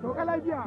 To ka lafiya.